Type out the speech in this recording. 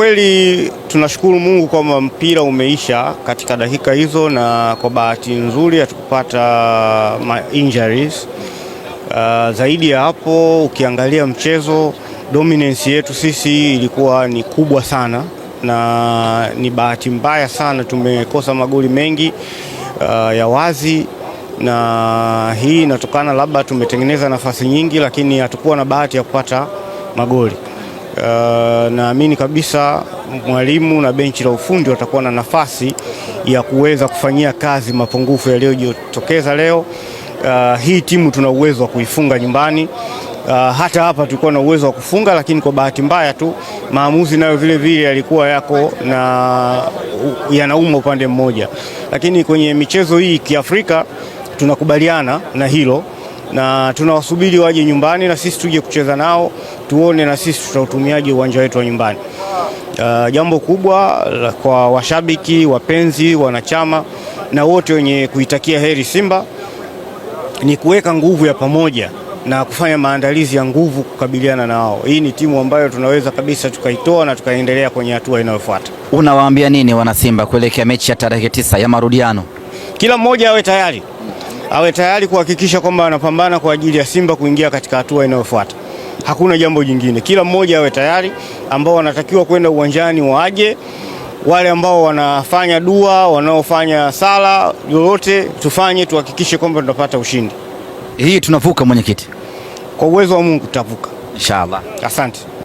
kweli tunashukuru Mungu kwamba mpira umeisha katika dakika hizo, na kwa bahati nzuri hatukupata injuries. Uh, zaidi ya hapo, ukiangalia mchezo, dominance yetu sisi ilikuwa ni kubwa sana, na ni bahati mbaya sana tumekosa magoli mengi uh, ya wazi na hii inatokana labda tumetengeneza nafasi nyingi, lakini hatukuwa na bahati ya kupata magoli. Uh, naamini kabisa mwalimu na benchi la ufundi watakuwa na nafasi ya kuweza kufanyia kazi mapungufu yaliyojitokeza leo. Uh, hii timu tuna uwezo wa kuifunga nyumbani. Uh, hata hapa tulikuwa na uwezo wa kufunga, lakini kwa bahati mbaya tu maamuzi nayo vile vile yalikuwa yako na yanauma upande mmoja, lakini kwenye michezo hii kiafrika tunakubaliana na hilo na tunawasubiri waje nyumbani na sisi tuje kucheza nao, tuone na sisi tutautumiaje uwanja wetu wa nyumbani. Uh, jambo kubwa kwa washabiki, wapenzi, wanachama na wote wenye kuitakia heri Simba ni kuweka nguvu ya pamoja na kufanya maandalizi ya nguvu kukabiliana na wao. Hii ni timu ambayo tunaweza kabisa tukaitoa na tukaendelea kwenye hatua inayofuata. Unawaambia nini wanasimba kuelekea mechi ya tarehe tisa ya marudiano? Kila mmoja awe tayari awe tayari kuhakikisha kwamba anapambana kwa ajili ya Simba kuingia katika hatua inayofuata. Hakuna jambo jingine, kila mmoja awe tayari. Ambao wanatakiwa kwenda uwanjani waje, wale ambao wanafanya dua, wanaofanya sala, lolote tufanye, tuhakikishe kwamba tunapata ushindi. Hii tunavuka mwenyekiti, kwa uwezo wa Mungu tutavuka inshallah. Asante.